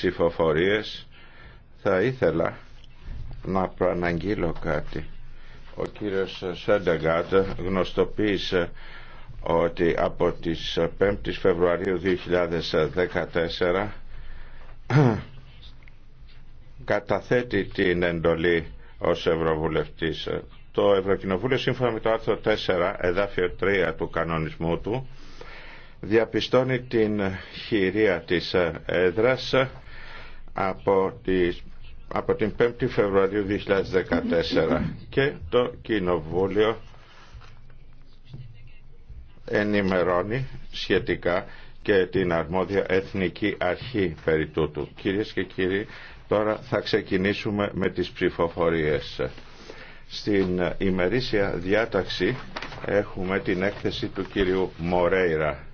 ψηφοφορίες θα ήθελα να προαναγγείλω κάτι. Ο κύριος Σέντεγκάτ γνωστοποίησε ότι από τις 5 Φεβρουαρίου 2014 καταθέτει την εντολή ως Ευρωβουλευτής. Το Ευρωκοινοβούλιο σύμφωνα με το άρθρο 4 εδάφιο 3 του κανονισμού του διαπιστώνει την χειρία της έδρας από, την 5η Φεβρουαρίου 2014 και το Κοινοβούλιο ενημερώνει σχετικά και την αρμόδια Εθνική Αρχή περί τούτου. Κυρίες και κύριοι, τώρα θα ξεκινήσουμε με τις ψηφοφορίες. Στην ημερήσια διάταξη έχουμε την έκθεση του κυρίου Μορέιρα.